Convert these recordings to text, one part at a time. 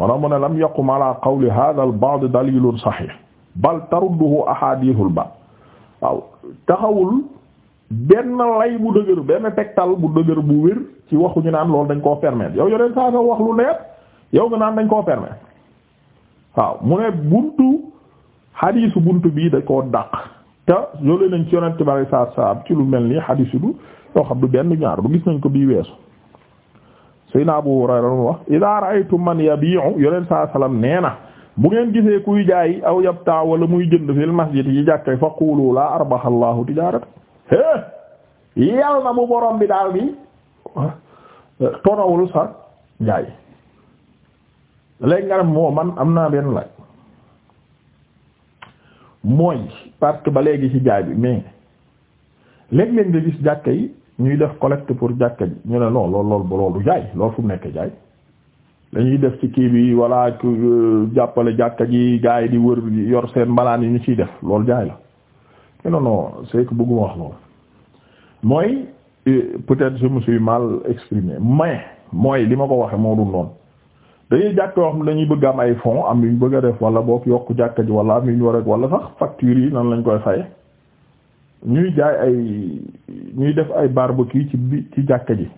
wala mu ne lam yaqum ala qawli hadha al ba'd dalilun sahih bal tarudduhu ahadithul ba waaw taxawul benn lay bu dëgër benn tegtal bu dëgër bu wér ci waxu ñu naan loolu dañ koo permettre yow yeneen saa sa wax lu leer yow nga naan dañ koo permettre waaw mu ne bunt xadiisu buntu bii dañ koo dàq te yoolee nañ ci yonent bi sallallahu alayhi ci lu mel nii xadiis du yoo xam du benn ñaar bu gis nañ ko bii weesu sayna Abu Hurayra lonu wax ida ra'aytum man yabi'u yoleen saa sallam nee na bu ngeen gisee kuy jaay aw yabtaa wala muy jënd fil masjid yi jàkkay fa qulu la arbaha allahu tijarata é na bu borom bi daal bi ah, tonawul sa jaay léegi nga dem moo am naa benn laaj mooy parce que ba léegi ci jaay bi mais léeg-léeg nga gis jàkka yi ñuy def collecte pour jàkka ji ñu ne lool lool lool ba loolu jaay lool fu mu nekk jaay dañuy def ci kii bi walla euh, jàppale jàkka ji gaa yi di wër yor seen mbalaan yi ñu ciy def loolu jaay la non non c'est que bëgguma wax loolu mooy euh, peut-être je me suis mal exprimé mais mooy li ma ko waxee moo dul noonu dañuy jàkk yoo xam ne dañuy bëgg am ay fonds am yu ñu bëgg a def wala boog yokk jàkka ji wala am yu ñu war a wala sax factures yi noonu lañ koy faye ñuy jaay ay ñuy def ay barbecue ci bi ci jàkka ji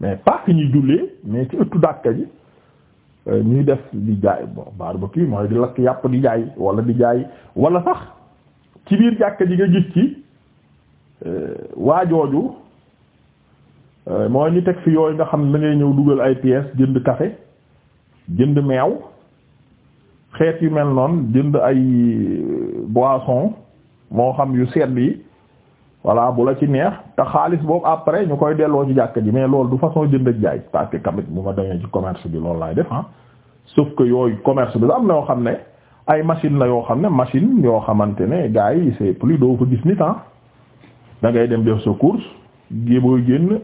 mais pas que ñuy jullee mais ci ëttu jàkka ji euh, ñuy def di jaay bon barbecue mooy di lakk yàpp di jaay wala di jaay wala sax ci biir jàkka ji nga gis ci euh, waajooju euh, mooy ñu teg fi yooyu nga xam ne ñëw dugal ay pièces jënd café jënd meew xeet yu mel noon jënd ay boisson moo xam yu sedd yi voilà bu la ci neex te xaalis boobu après ñu koy delloo ci jàkk ji mais loolu du façon jënd ak jaay parce que tamit bu ma demee ci commerce bi loolu laay def ah sauf que yooyu commerce bi am na yoo xam ne ay machine la yoo xam ne machine yoo xamante ne gars yi c'est plus doo ko gis nit ah da ngay dem def sa course gi booy génn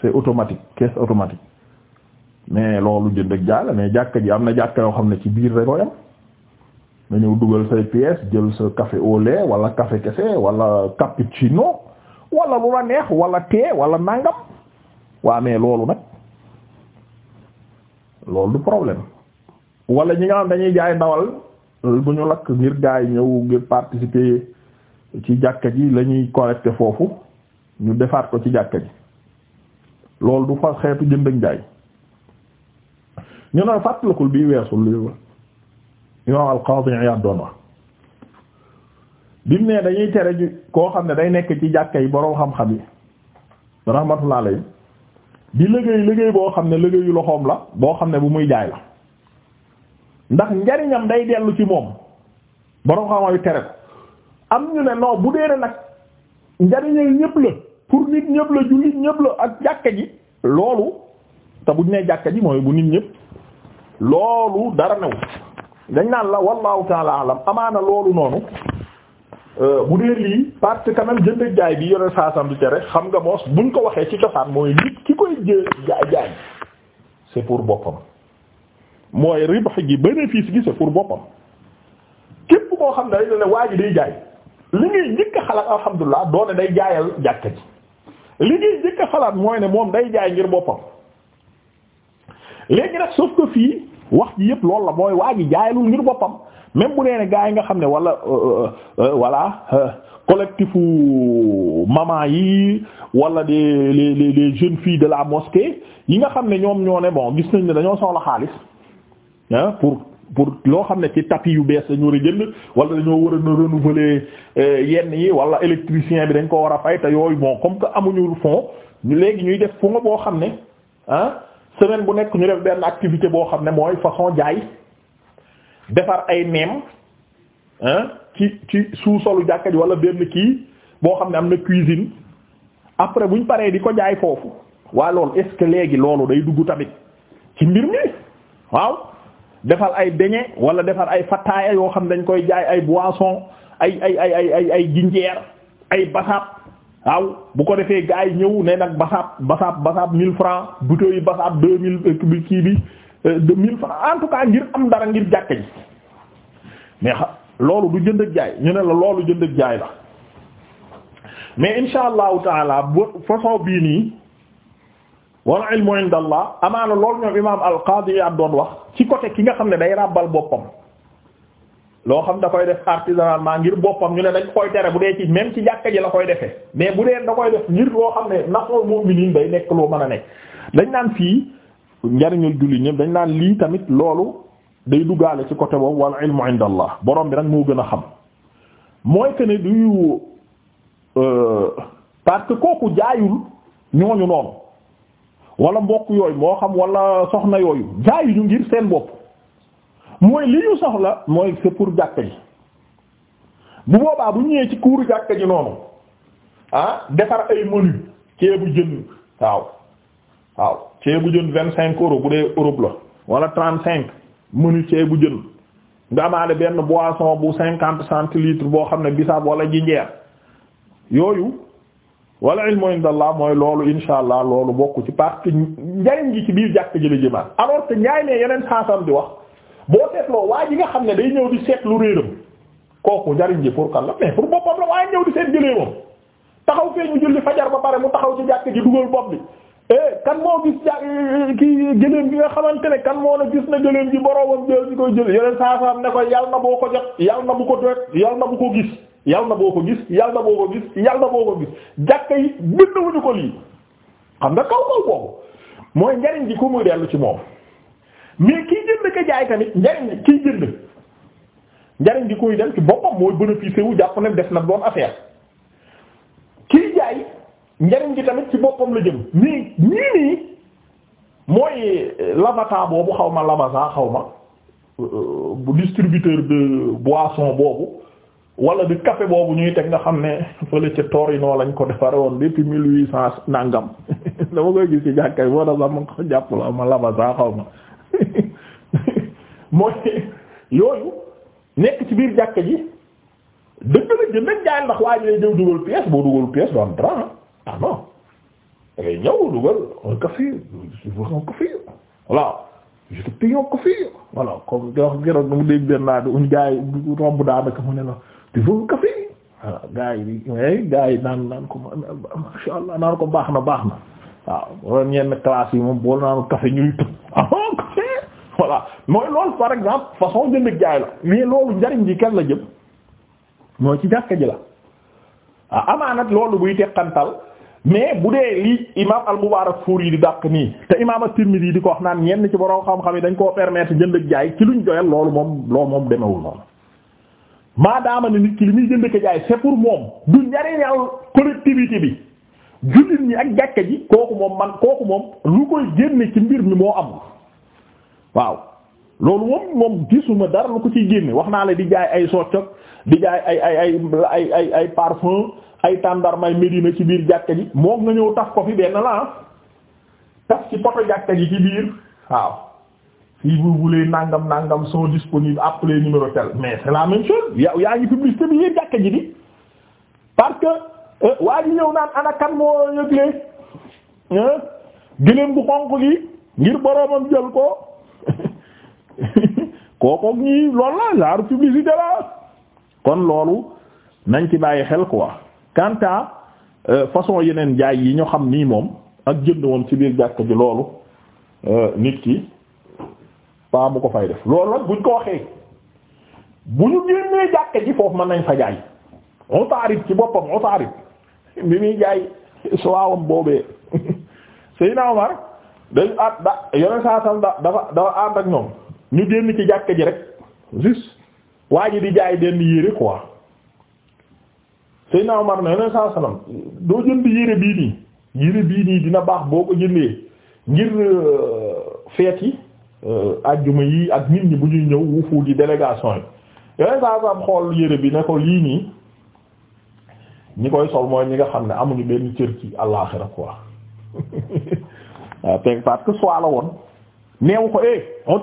c'est automatique caisse automatique mais loolu jënd ak jaay la mais jàkk ji am na jàkk yoo xam ne ci biir rek koy nga ñëw dugal say pièces jël sa café au lait wala café kese wala cappuccino wala lu la neex wala thé wala nangam waa mais loolu nag loolu du problème wala ñi nga xam dañuy jaay ndawal bu ñu lakk ngir gaay ñëw ngir participer ci jàkka ji lañuy ñuy foofu ñu defaat ko ci jàkka ji loolu du fa xeetu jënd ak jaay ñu ne fàttalikul bii weesu imam al-Qadi Iyad doon dañuy tere ji koo xam ne day nekk ci jàkka yi boroom xam-xam yi rahmatullah alayhi di liggéey liggéey boo xam ne liggéeyu loxoom la boo xam ne bu muy jaay la ndax njariñam day dellu ci moom boroom xam-xam tere ko am ñu ne non bu dee nag njariñal ñépp la pour nit ñépp la jullit ñépp la ak jàkka ji loolu te buñ ne jàkka ji mooy bu nit ñépp loolu dara new dañ naan la wallahu taala alam amaana loolu noonu euh, bu dee lii parce que nag jënd jaay bi yore saasam di tere xam nga moos buñ ko waxee ci cosaan mooy nit ki koy jë jaay jaay c'est pour boppam mooy ribax gi bénéfice gi c'est pour boppam képp koo xam ne dañ ne waa ji day jaay li ngay njëkk a xalaat alhamdulilah doone day jaayal jàkka ji li ngay njëkk xalaat mooy ne moom day jaay ngir boppam léegi nag sauf que fii. wax ji yëpp loolu la mooy waa ji jaayalul ngir boppam même bu nee ne gaa yi nga xam ne wala euh, euh, euh, voilà collectifu maman yi wala des les les les jeunes filles de la mosquée yi nga xam ne ñoom ñoo ne bon gis nañ ne dañoo soxla xaalis ah pour pour loo xam ne ci tapis yu bees dañu war a jënd wala dañoo war a renouveler yenn yi wala électricien bi dañ ko war a fay te yooyu bon comme que amuñu fond ñu léegi ñuy def fond boo xam ne ah. semaine bu nekk ñu def benn activité boo xam ne mooy façon jaay defar ay neem ci ci sous-solu jàkka ji wala benn kii boo xam ne am na cuisine après buñ paree di ko jaay foofu waa loolu est léegi loolu day dugg tamit ci mbir mi waaw defal ay beignet wala defar ay fataaya yoo xam ne dañ koy jaay ay boisson ay ay ay ay ay ay jinjeer ay basaab waaw bu ko defee gars yi ñëw ne nag basaab basaab basaab mille francs yi basaab deux mille euh, kii bi euh, deux mille francs en tout cas ngir am dara ngir jàkka ji mais loolu du jënd ak jaay ñu ne la loolu jënd jaay la mais insha allahu taala bo façon bii nii wal ilmu indallah amaana loolu ñoom imaam al qaadi doon wax ci côté ki nga xam ne day ràbbal boppam loo xam da koy def artisanalement ngir boppam ñu ne dañ koy tere bu dee ci même ci jàkka ji la koy defee mais bu dee da koy def ngir loo xam ne nafool mu'minin day nekk loo mën a nekk dañ naan fii njariñul julli ñëpp dañ naan lii tamit loolu day duggaale ci côté boobu wal ilmu inda allah borom bi nag moo gën a xam mooy que ne du euh, parce que kooku jaayul ñooñu noonu wala mbokk yooyu moo xam wala soxna yooyu jaayuñu ngir seen bopp mooy li ñu la mooy c'est pour jàkka ji bu boobaa bu ñëwee ci kuuru jàkka ji noonu ah defar ay menu ceebu jën waaw waaw ceebu jën vingt cinq euros bu dee Europe la wala trente cinq menu ceebu jën nga benn boisson bu cinquante centilitres boo xam ne bisaab ji jinjeer yooyu wala ilmu indallah mooy loolu insha allah loolu bokk ci parce que njariñ gi ci biir jàkka ji la jëmaat alors que ñaay ne yeneen saasam di wax boo seetloo waa ji nga xam ne day ñëw di seetlu réeram kooku njariñ ji pour kan la mais pour boppam la waaye ñëw di seet jëlee moom taxaw fee ñu julli fajar ba pare mu taxaw ci jàkk ji dugal bopp bi eh kan moo gis ja kii gëléem gi nga xamante ne kan moo la gis na gëléem gi boroomam jël ci koy jël yeneen saa saa ne ko yal na boo ko jot yal na bu ko doet yal na bu ko gis yal na boo ko gis yal na boo ko gis yal na boo ko gis jàkk yi bind wuñu ko lii xam nga kaw mooy njariñ ji ku muy dellu ci moom mais kiy jënd ka jaay tamit njariñ kiy jënd njariñ di koy dem ci boppam mooy bénéficier wu jàpp ne def nag doon affaire kiy jaay njariñ gi tamit ci boppam la jëm mais nii nii mooy euh, lavata boobu xaw ma lavasa xaw ma euh, bu distributeur de boisson boobu wala di café boobu ñuy teg nga xam ne fële ci Torino lañ ko defare woon depuis mille huit cent nangam dama koy gis ci jàkkay yi daf sax ma ko jàpp la ma lavasa xaw mooy yooyu nekk ci biir jàkka ji dëgg la jënd nañ jaay ndax waa ji lay dugal pièce boo dugal pièce doo am ah non da ngay ñëw dugal un café je veux un café voilà je te paye un café voilà mu dégg benn naa di uñ gars yi romb daanaka mu ne la tu veux un café voilà gars yi gaa naan naan ko masha Allah naan ko baax na baax na. waaw loolu ñenn classe yi moom boo naanu café ñuy tëb ah, voilà mooy loolu par exemple façon jënd jaay la mais loolu njariñ ji kenn la jëm mooy ci jàkka ji la ah amaanat loolu buy teqantal mais bu dee lii imaam al-Mubarakfuri di daq nii te imaam at-Tirmidhi di ko wax naan ñenn ci borom xam-xam yi dañ koo permettre jënd jaay ci luñ doyal loolu moom loolu moom demewul noonu maadaama ne nit ki li muy jënd ak jaay c'est pour moom du njariñal collectivité bi. jullit mi ak jàkka ji kooku moom man kooku moom lu koy génne ci mbir mi moo amul waaw loolu moom moom gisuma dara lu ko ciy génne wax naa la di jaay ay soccog di jaay ay ay ay ay ay ay parfum ay tàndarmay médina ci biir jàkka ji moo nga ñëw tax ko fi benn la ah. taf ci poto jàkka ji ci biir waaw si vous voulez nangam nàngam sont disponibles appelez numéro tel mais c'est la même yaa yaa ngi publicité bi yéen jàkka ji di parce que Eh, waa ji ñëw naan ana kan moo yëgle eh, gëléem bu xonq gi ngir boroomam jël ko kookook ñii lool la genre publicité la kon loolu nañ ci bàyyi xel quoi quant à euh, façon yeneen jaay yi ñu xam nii moom ak jënd woon ci biir jàkk ji loolu euh, nit ki paa mu ko fay def loolu nag buñ ko waxee bu ñu génnee jàkk ji foofu mën nañ fa jaay utaarit ci boppam utaarit bi muy jaay suwaawam boobee Seydina Omar dañ da yoneen saa sam da dafa dafa ànd ak ñoom ñu génn ci jàkka ji rek juste waa ji di jaay denn yére quoi Seydina Omar ne saa sallam doo jënd yére bii nii yére bii nii dina baax boo ko jëndee ngir euh, feet yi ajjuma euh, yi ak nit ñi bu ñuy ñëw wufu di délégation yi yoneen saa sam xool yére bi ne lii nii ñi koy sol mooy ñi nga xam ne amuñu benn cër ci àllaxira quoi waaw teg parce que soit la woon neewu ko eh on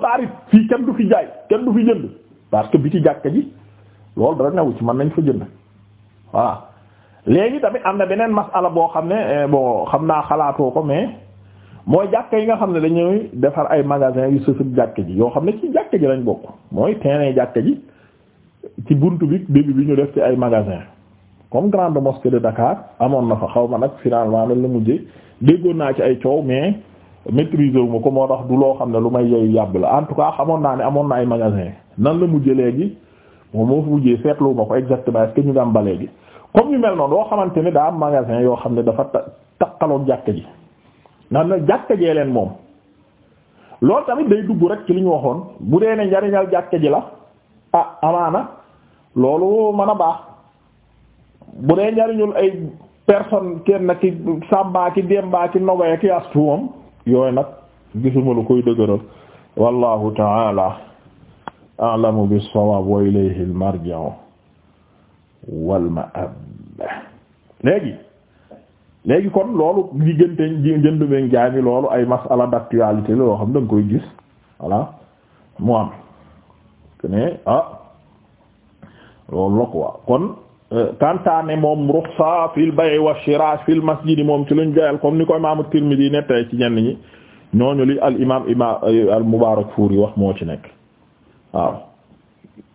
fii kenn du fi jaay kenn du fi jënd parce que bi ci jàkka ji loolu dara newu ci man nañ fa jënd voilà léegi tamit am na beneen masala boo xam ne eh, bon xam naa xalaatoo ko mais mooy jàkka yi nga xam ne dañuy defar ay magasin yu sësëb jàkka ji yoo xam ne ci jàkka ji lañ bokk mooy terrain jàkka ji ci bunt bi début bi ñu def ci ay magasin comme grande mosquée de Dakar amoon na fa xaw ma nag finalement nan la mujjee déggoon naa ci ay coow mais maîtriser wu ma ko moo tax du loo xam ne lu may yey yàbb la en tout cas xamoon naa ne amoon na ay magasin nan la mujjee léegi moom moo fa mujjee seetlu ma ko exactement est-ce ñu ngi am ba léegi comme ñu mel noonu loo xamante ne daa am magasin yoo xam ne dafa takkaloog jàkka ji nan na jàkka jee leen moom loolu tamit day dugg rek ci li ñu waxoon bu dee njariñal jàkka ji la ah amaana loolu mën a baax. bu dee njariñul ay personne kenn ki sàmbaa ki dembaa ki nogee ki astuwam yooyu nag gisuma lu koy dëgëral wallahu ta'ala a'lamu bis-sawab wa ilayhi al-marji'u wal ma'ab léegi léegi kon loolu diggante jënd meek jaay mi loolu ay masala d'actualité la da koy gis voilà ah, loolu la quoi kon kantaane moom ruxsa fil bay' wa shira fil masjid moom ci luñ joyal comme ni koy imam Tirmidhi nettee ci ñenn ñi ñooñu li al imam imam al Mubarakfuri wax moo ci nekk waaw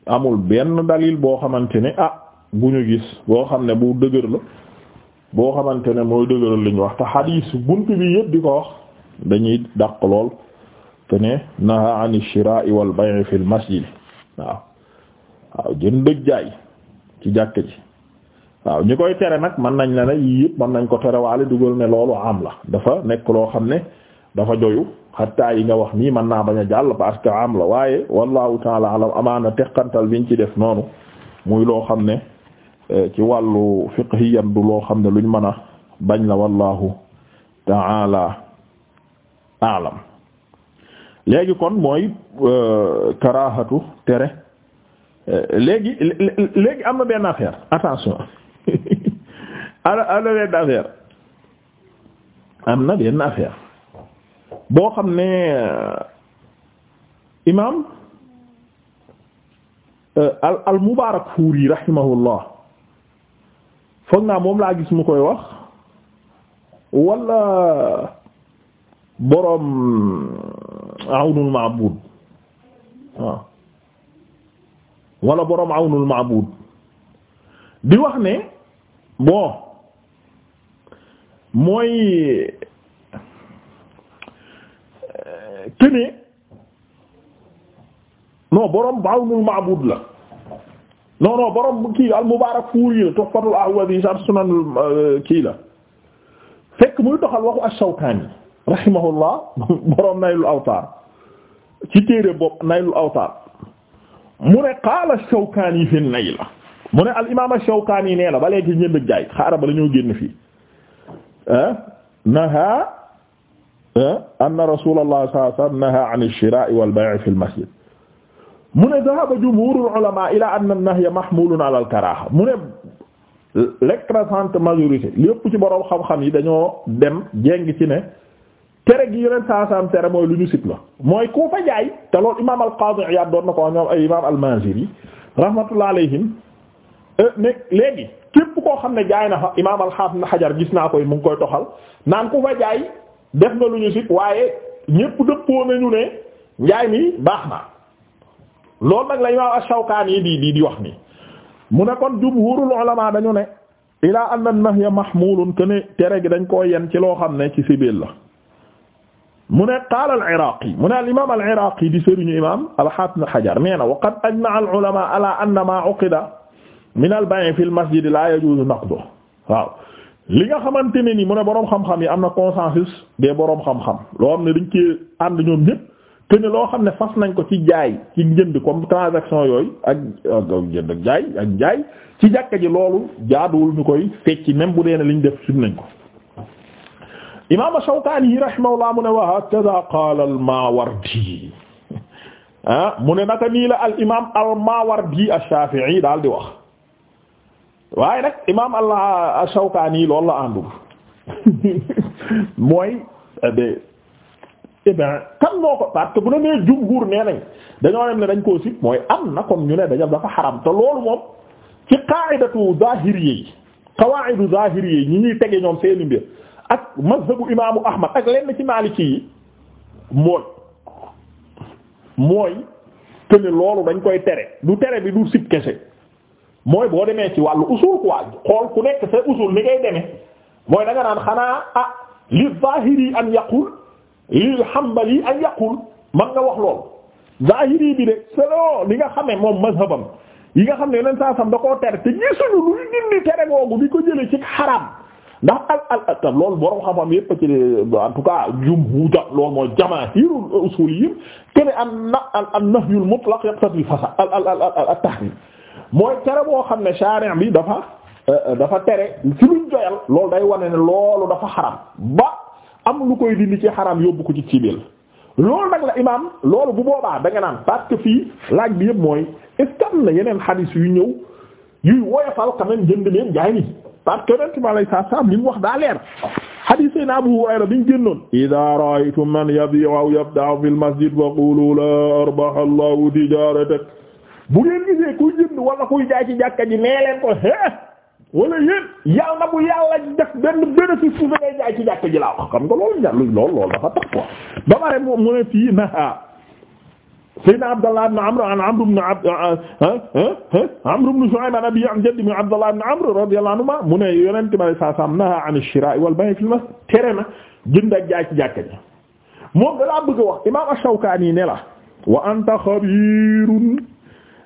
amul benn dalil boo xamante ne ah bu ñu gis boo xam ne bu dëgër la boo xamante ne mooy dëgëral li ñu wax te xadiis bunt bi yëpp di ko wax dañuy dàq lool te ne naha an shira'i wal bay' fil masjid waaw waaw jënd dëgg jaay ci jàkk ji waaw ñi koy tere nag mën nañ la ne yii yëpp mën nañ ko terewaale dugal ne loolu am la dafa nekk loo xam ne dafa joyu xattaa yi nga wax nii mën naa bañ a jàll parce am la waaye wallahu taala alam amaana teqantal biñ ci def noonu muy loo xam ne eh, ci wàllu fiqhiyan du loo xam ne luñ mën a bañ la wallahu taala alam léegi kon mooy eh, karahatu tere eh, léegi léegi am na benn affaire attention ana ana benn affaire am na benn affaire boo xam ne euh, imaam euh, al al Mubaarak Fuuri rahimahullah foog naa moom laa gis mu koy wax wala boroom Awnul Ma'buud waaw boroom Awnul Ma'buud di wax ne. bon mooy këne euh, non borom Awnul Ma'bud la non non borom kii al Mubaarak Fuuri la Tuhfatul Ahwazi sar sunanul euh, kii la fekk muy doxal waxu ash-Shawkaani rahimahullah borom Naylul Awtaar ci téere bopp Naylul Awtaar mu ne qaala ash-Shawkaani fi Nayl la mu ne al imaam Shawkaani nee na ba léegi ñënd jaay xaaral ba la ñoo génn fii ah, naha ah, anna rasulallah sallallahu alayhi wa sallam naha an ash-shiraa'i wal bay'i fil masjid mu ne dhahaba jumhuurul ulamaa ilaa anna an-nahya mahmuulun ala al-karaaha mu ne l'écrasante majorité lépp ci boroom xam-xam yi dañoo dem jéng ci ne tere gi yeneen saa saam tere mooy lu ñu sit la mooy ku fa jaay te loolu imaam al-Qaadi Iyaad doon na ko ñoom ay imaam al-Maaziri rahmatullahi alayhim ne euh, léegi képp koo xam ne jaay na fa imaam alxaafis xajar gis naa koy mu ngi koy toxal naan ku fa jaay def nga lu ñu sit waaye ñépp dëppoo nañu ne njaay mi baax na loolu nag la imaam ash-Shawkaani yi di di di wax nii mu ne kon jumhuurul ulamaa dañu ne ilaa anna nahya mahmuulun ne tere gi dañ koo yen ci loo xam ne ci sibil la mu ne qaala al-Iraaqi mu ne al-imaam al-Iraaqi di sëriñu imaam alxaafis na xajar nee na wa qad ajma'a al-ulamaa maa uqida minal bayn fil masjid laa yajuzu naqdu waaw li nga xamante ne ni mu ne boroom xam-xam yi am na consensus des boroom xam-xam loo xam ne dañ ci ànd ñoom ñépp te ne loo xam ne fas nañ ko ci jaay ci njënd comme transaction yooyu ak ak jënd ak jaay ak jaay ci jàkka ji loolu jaaduwul ñu koy fecci même bu dee ne liñ def suñ nañ ko. imaam Shawkaani yi rahimahullah mu ne wa hakaza qaala al-Maawardi ah mu ne naka nii la al imaam al-Maawardi ash-Shaafi'i daal di wax. waaye nag imaam Allah Shawkaani loolu la àndul mooy eh, eh bien kan moo ko parce que bu ne nee jumhur nee nañ dañoo dem ne dañ koo sib mooy am na comme ñu ne dañu dafa xaram te loolu moom ci qaa'idatu zaahiriyya yi qawaa'idu zaahiriyya yi ñi ñuy tege ñoom seeni mbir ak mazhabu imaamu Ahmad ak lenn ci Maliki yi mooy mooy que loolu dañ koy tere du tere bi du sib kese mooy boo demee ci wàllu usul quoi xool ku nekk sa usul ni ngay demee mooy da naan xanaa a ah, li zahiri an yaqul lil hanbali an yaqul man nga wax lool zahiri bi de selon li nga xamee moom mazhabam yi nga xam ne yeneen saa sam da koo tere te gisuñu lu dindi tere googu bi ko jëlee ci xaram ndax al al al loolu boroom xam-xam yépp ci en tout cas jumhuur loolu mooy jamaahirul usuliyin kene an na al nahyu al mutlaq yaqtadi al fasad al al al mooy tere boo xam ne charia bi dafa euh, dafa tere ci luñ joyal loolu day wane ne loolu dafa xaram ba am lu koy dindi ci xaram yóbbu ko ci cibil lool nag la imaam loolu bu boobaa da nga naan parce que fii laaj bi yëpp mooy est-ce que am na yeneen xadiis yu ñëw yuy woyofal quand même jënd leen jaay ni parce que yonent bi alayhi salaatu salaam li mu wax daa leer xadiis yi na Abu Hurayra bi ñu génnoon idaa ra'aytum man yabi'u aw yabta'u fil masjid faqulu laa arbaha Allahu tijaaratak bu ngeen gisee kuy jënd wala kuy jaay ci ji nee ko hee wala yéen yàlla na bu yàlla def benn ji laa wax xam nga loolu njàllu lool dafa tax quoi ba pare mu ne fii na ah, Sayyidina Abdallah ibn Amr an Amr ibn Abd ah, ah, an abiihi an jaddihi Abdallah ibn Amr radiyallahu mu ne Yonent bi sallallahu alayhi an ash-shiraa'i wal bay'i fil masjid tere na jënd ak a wax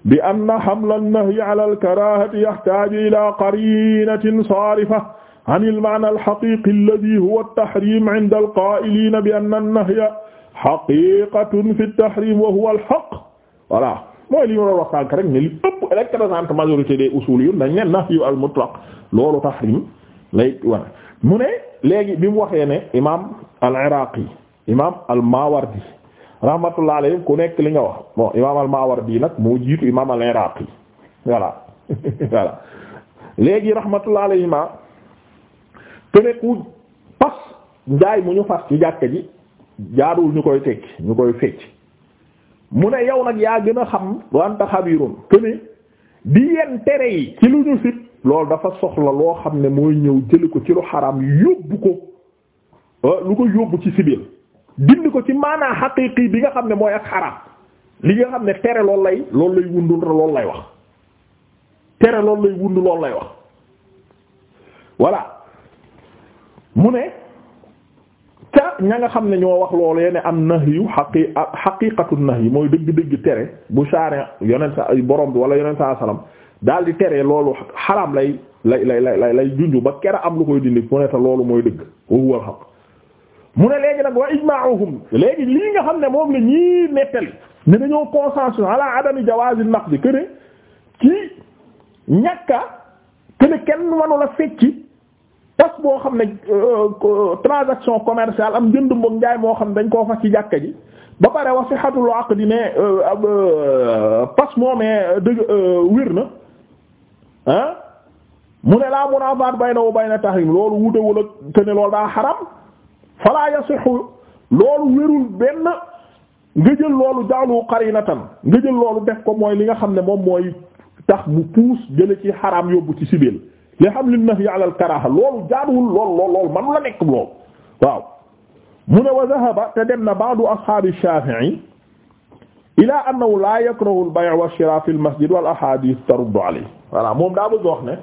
bi anna hamla an-nahyi ala al-karaahati yahtaaju ilaa qariinatin saarifa an al-ma'na al-haqiiqi alladhii huwa at-tahriim 'inda al-qaa'iliina bi anna an-nahya haqiiqatun fi at-tahriim wa huwa al-haqq voilà mooy li ñu doon wax sànq rek ne li ëpp électrosante majorité des usuul yu nañ ne nahyu al-mutlaq loolu tahriim lay war mu ne léegi bi mu waxee ne imaam al-Iraaqi imaam al-Maawardi rahmatullah alayhi ku nekk li nga wax bon imaam nag moo jiitu imaam al-Iraqi voilà voilà léegi rahmatullah alayhi ma tene ku pas njaay mu ñu fas ci jàkka ji jaarul ñu koy tekki ñu koy fecc mu ne yow nag yaa gën a xam wanta xabirun tene di yenn tere yi ci lu ñu sit loolu dafa soxla loo xam ne mooy ñëw jëli ko ci lu xaram yóbbu ko euh, lu ko yóbbu ci sibil dindi ko ci maanaa xaqiiqi bi nga xam ne mooy ak xaraam li nga xam ne tere loolu lay loolu lay wundu loolu lay wax tere loolu lay wundu loolu lay wax voilà mu ne ca ña nga xam ne ñoo wax loolee ne am nahyu xaqi xaqiiqatu nahyi mooy dëgg-dëgg tere bu saaree yonent sa borom bi wala yonent saa salaam daal di tere loolu xaraam lay lay lay lay lay junju ba kera am lu koy dindi mu loolu mooy dëgg wa huwa mu ne léegi nag wa ijmaa'uhum léegi lii nga xam ne moom la ñii nettali ne dañoo consensus ala adami jawaazi naqdi que ne ci ñàkka que kenn mënu la fecci tas boo xam ne euh, transaction commercial am jënd mbokk njaay moo xam dañ ko fas ci jàkka ji ba pare wa sihhatul di ne euh, euh, pas moomee dëgg wér na ah, mu ne laa munaafaat bayna wa bayna tahrim loolu wutewul ak que ne loolu daa xaram. fala yasihu loolu wérul benn nga jël loolu jaalu qarinatan nga jël loolu def ko mooy li nga xam ne moom mooy tax bu puus jële ci xaraam yóbbu ci sibeel li xam li nahyi ala al karaha loolu jaaduwul lool lool lool manu la nekk lool waaw mu ne wa dhahaba te dem na ba'du ashaabi shaafi'i ila annahu la yakrahu al bay' wa shira fi al masjid wal ahadith taruddu alayhi voilà moom daa bëgg wax ne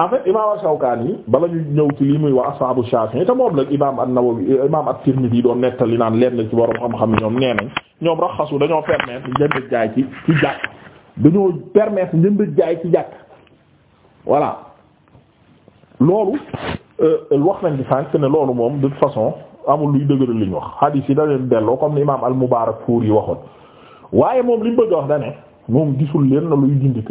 en fait imaam al-Shawkaani bala ñu ñëw ci lii muy wax ashaabu Shaafi'i te moom la imaam an-Nawawi imaam at yi doon nettali naan lenn ci borom xam-xam ñoom nee nañ ñoom raxasu dañoo permettre njënd jaay ci jàkk dañoo permettre njënd jaay ci jàkk voilà loolu euh, wax nañ ci sànq ne loolu moom de toute façon amul luy dëgëral li ñu wax hadith yi da leen delloo comme ni imaam al-Mubaarakfuuri yi waxoon waaye moom liñ mu bëgg wax da moom gisul leen la luy dindi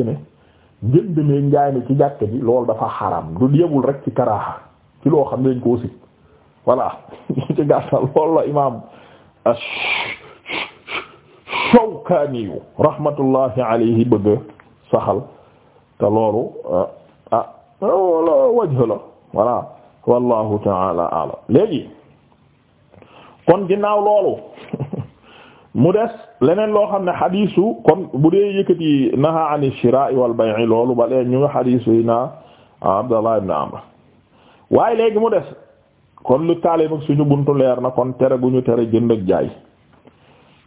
njënd mi njaay mi ci jàkk ji loolu dafa xaram du yebul rek ci karaaxa ci loo xam ne dañ koo sit voilà ci gàttal loolu la imaam Shawkaani yu rahmatullahi alayhi bëgg saxal te loolu ah, ah wala wajh la voilà wallahu alam léegi kon ginnaaw loolu mu des leneen loo xam ne xadiisu kon bu dee yëkkati naha an shira'i wal bay'i loolu ba léegi ñu ngi xadiisu yi na Abdallah ibn Amr waaye léegi mu des kon lu taale mag suñu buntu leer na kon tere gu ñu tere jënd ak jaay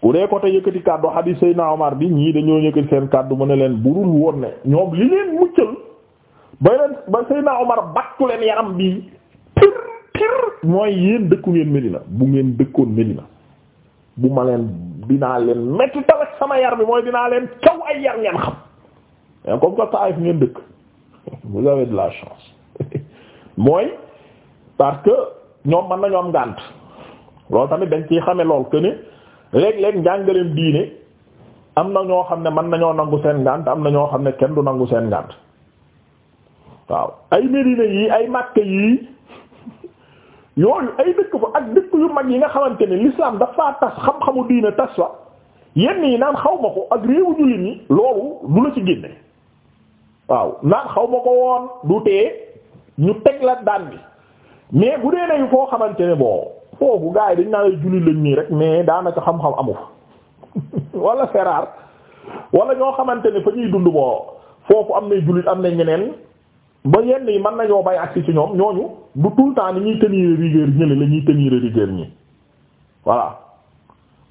bu dee côté yëkkati kàddu xadiis Seydina Omar bi ñii dañoo yëkkati seen kàddu mu ne leen burul woon ne ñoom li leen muccal ba leen ba Omar battu leen yaram bi pir pir mooy yéen dëkku ngeen Medina bu ngeen dëkkoon Medina bu ma leen dinaa leen metti tal ak sama yar bi mooy dinaa leen caw ay yar ngeen xam mais comme que Taïf ngeen mooy parce que ñoom mën nañu am ngànt loolu tamit dañ ciy xame lool que ne léeg-léeg njàngaleem diine am na ñoo xam ne mën nañoo nangu seen ngànt am na ñoo xam ne kenn du nangu seen ngànt waaw ay Médina yi ay Makka yi yooyu ay dëkk fa ak dëkk yu mag yi nga xamante ne l'islam dafa tas xam-xamu diina tas fa yenn yi naan xaw ma ko ak réewu jullit ñi loolu du la ci génne waaw naan xaw ma ko woon du tee ñu teg la daan bi mais bu dee nañu foo xamante ne bon foofu gars yi dañ naa lay jullit lañ nii rek mais daanaka xam-xam amu fa wala feraar wala ñoo xamante ne fa ñuy dund boo foofu am nay jullit am na ñeneen ba yenn man mën nañoo bay agsi ci ñoom ñooñu du tout le temps ni ñuy tenir rigueur ñële la ñuy tenir ñi voilà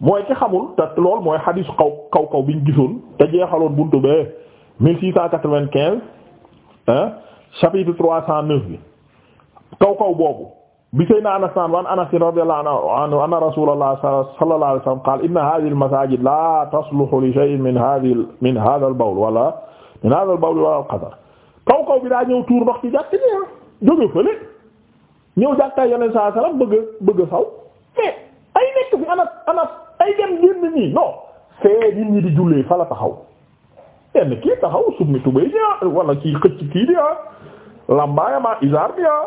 mooy ki xamul te lool mooy xadisu kaw kaw kaw bi ñu gisoon te jeexaloon buntu bee 1695 hein chapitre 309 bi kaw kaw boobu bi sayna anas naan waan anas radiyallahu anhu anna rasulullah sallallahu alayhi wasallam qaal inna la tasluhu li shay'in min hadhihi min hadha al-bawl wala min hadha al wala al kaw kaw bi daa ñëw tuur ndox ci jàkk ji ah, jóge fële ñëw jàkkaay yeneen saa salaam bëgg bëgg saw mais ay nekk fi ana ana ay dem génn nii non fee nit ñi di jullee fa la taxaw kenn kii taxaw summi tubay ji ah wala kii xëcc kii di ah lambaayam ah isaar bi ah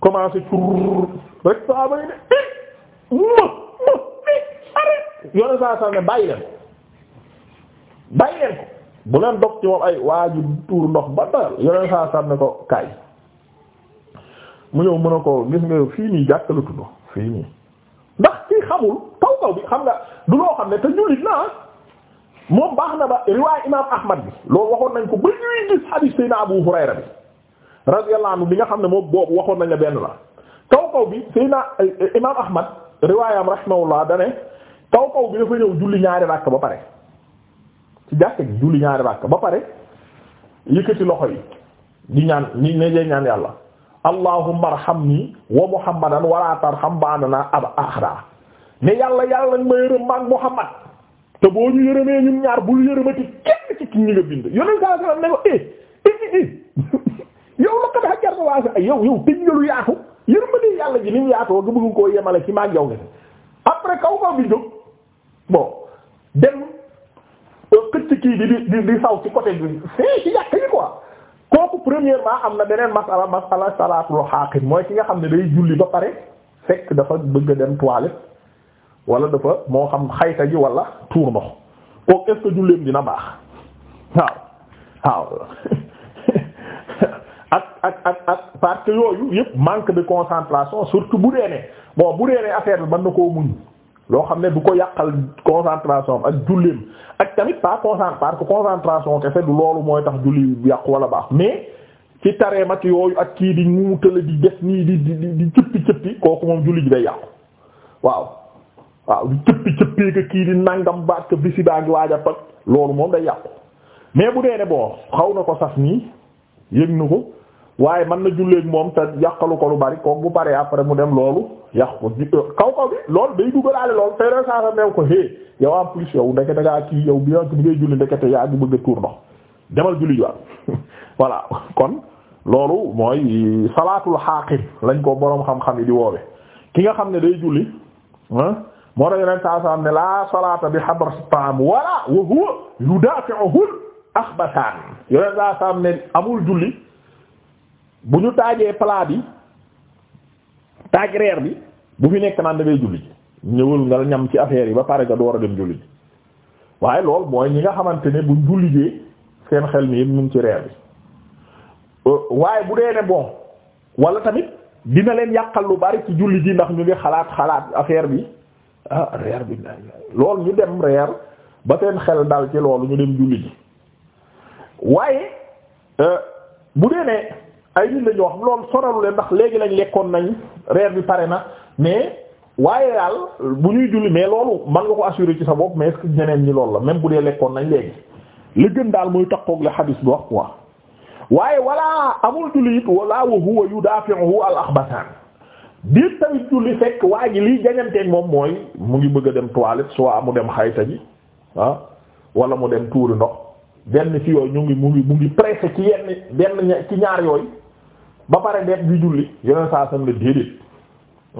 commencé tur rek saa bay ne eh ma ma eh arrêt yeneen saa salaam ne bàyyi leen bàyyi ko. bu leen dog ci moom ay waa tuur ndox ba doyal yeneen saa sànni ko kaay mu ñëw mën a ko gis nga fii nii jàkka la tudd fii nii ndax kii xamul kaw kaw bi xam nga du loo xam ne te jullit naa ah. moom baax na ba riwaay imaam Ahmad bi loolu waxoon nañ ko ba ñuy gis hadith Seydina Abu Hurayra bi radiyallahu anhu bi nga xam ne moom boobu waxoon nañ la benn la kaw kaw bi Seydina eh, eh, imaam Ahmad riwaayam rahimahullah dane kaw kaw bi dafa ñëw julli ñaari ràkk ba pare. ci jàkk ji julli ñaari ràkk ba pare yëkkati loxo yi di ñaan ni ne day ñaan yàlla allahumma arhamni wa muhammadan wala tarham ba'dana ab ahada ne yàlla yàlla ma yërëm maag muhammad te boo ñu yërëmee ñun ñaar bul yërëmati kenn ci ki ñi nga bind yoneen saa sallam ne ko eh eh eh yow la kat xajar waa sa yow yow tëj nga lu yaatu yërëmati yàlla ji lim yaatoo nga bëgg koo yemale ci maag yow ne après kaw kaw bi jóg bon xëcc kii bi di di saw ci côté bi fee ci yàq yi quoi kooku premièrement am na beneen masala masala salaatul xaaqin mooy ki nga xam ne day julli ba pare fekk dafa bëgg a dem toilette wala dafa moo xam xayta gi wala tuur ndox kooku est-ce dina baax waaw waaw ak ak ak parce yooyu yëpp manque de concentration surtout bu dee ne bon bu dee ne affaire bi mën na koo muñ. loo xam ne du ko yàqal concentration ak julleem ak tamit pas concentration parce que concentration kese du loolu mooy tax julli yàqu walla baax mais ci taree ak yooyu ak kii di mu di def nii di di di cëppi cëppi kooku moom julli ji day yàqu waaw waaw di cëppi cëppee kii di nangam baat ka bisi baa ngi waaj a loolu moom day yàqu mais bu dee ne bon xaw na ko saf nii yëg na ko waaye man na julleek moom te yàqalu ko lu bari kooku bu paree après mu dem loolu yàq ko euh, kaw kaw bi loolu day duggalaale loolu te ren saa sa ko hey yow en plus yow ndekete ngaa kii yow bi ni ngay julli ndekete yaa ngi bëgg a tuur ndox demal julli jiwaat voilà kon loolu mooy salaatul xaaqin lañ ko boroom xam-xam yi di woowe ki nga xam ne day julli ah moo tax yeneen saa saa ne laa salaata bi xabar taam wala wa huwa yudaafi'uhu al-axbathaan yeneen saa saa amul julli. bu ñu taajee plat bi taaj reer bi bu fi nekk naan da ngay julli ñëwal nga ñam ci affaire yi ba pare nga door a dem julli ji waaye lool mooy ñi nga xamante ne bu julli jee seen xel mi yëpp ñu ci reer bi euh, waaye bu dee ne bon wala tamit dina leen yàqal lu bari ci julli ji ndax ñu ngi xalaat xalaat affaire bi ah reer bi lool ñu dem reer ba seen xel dal ci loolu ñu dem julli ji waaye euh, bu dee ne ay nit la ñu wax loolu soralu leen ndax léegi lañ lekkoon nañ reer bi pare na mais waaye daal bu ñuy julli mais loolu man nga ko assurer ci sa bopp mais est-ce ñi loolu la même bu dee lekkoon nañ léegi li gën daal muy mooy takkoog la xadis bi wax quoi waaye walla amul julli it walla wa huwa yudafi'uhu al akhbathan biir tamit julli fekk waa ji liy moom mooy mu ngi bëgg a dem toilette soit amu dem xayta ji ah wala mu dem tuuri ndox benn ci yooyu ñu ngi mu mu ngi pressé ci benn ci ñaar yooyu ba pare def bi julli yeneen saa sam la déedéet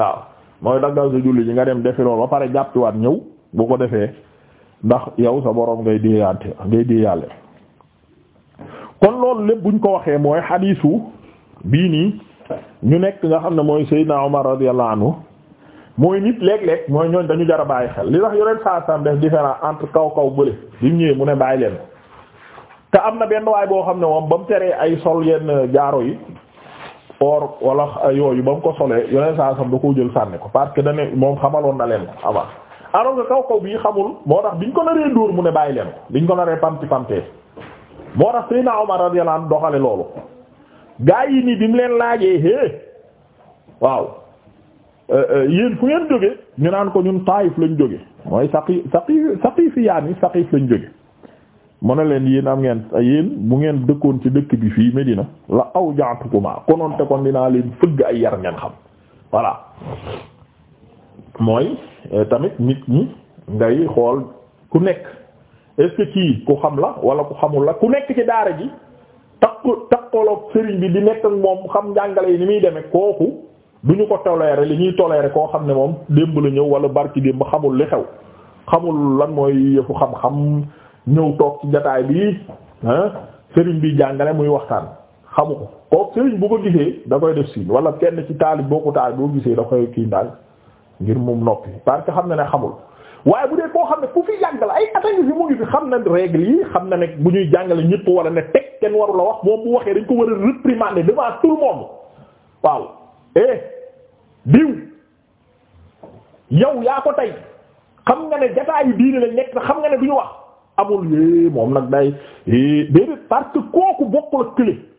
waaw mooy daggal sa julli ji nga dem defi loolu ba pare jàppiwaat ñëw bu ko defee ndax yow sa boroom ngay déeyaante ngay déeyaale kon loolu lépp buñ ko waxee mooy xadiisu bii nii ñu nekk nga xam ne mooy Seydina Umar radiyallahu anhu mooy nit léeg-léeg mooy ñooñ dañu jar bàyyi xel li tax yoneen saa sam def différence entre kaw kaw bële bi mu ñëwee mu ne bàyyi leen te am na benn waay boo xam ne moom ba mu teree ay sol yenn jaaro yi or wala yooyu ba mu ko solee yoneen saa sam da koo jël sànni ko parce que dane moom xamaloon na leen ko avant alors que kaw kaw bii xamul moo tax biñ ko naree dóor mu ne bàyyi leen ko biñ ko naree pamti pamtee moo tax Seydina Omar radiyallahu anhu doxale loolu gaa yi nii bi mu leen laajee hé waaw euh, euh, yéen fu ngeen jóge ñu naan ko ñun Taayif lañ jóge mooy saqi saqi saqi fi yaani saqif lañ jóge mu ne leen yéen am ngeen yéen bu ngeen dëkkoon ci dëkk bi fii Medina la aw jaatukuma konoon te kon dinaa leen fëgg ay yar ngeen xam voilà mooy eh, tamit nit ñi ngay xool ku nekk est kii ku xam la wala ku xamul la ku nekk ci daara ji takku takkooloog sëriñ bi di nekk ak moom xam njàngale yi ni muy demee kooku du ñu ko toléré li ñuy toléré koo xam ne moom démb la ñëw wala barki démb xamul li xew xamul lan mooy yëfu xam-xam. ñëw toog ci jataay bii sëriñ bi jàngale muy waxtaan xamu ko kooku sëriñ bu ko gisee da koy def siin wala kenn ci taalib boo ko taalib boo gisee da koy kii daal ngir moom noppi parce que xam na ne xamul waaye bu dee koo xam ne ku fi jàngale ay attaques yi mu ngi fi xam na règle yi xam na ne bu ñuy jàngale ñépp war ne teg kenn warula wax moom mu waxee dañ ko war a réprimander devant tout le monde waaw eh diw yow yaa ko tey xam nga ne jataayu diine lañ nekk ne du wax. amul yé moom nag day déedéet parce que kooku bokkul ak kële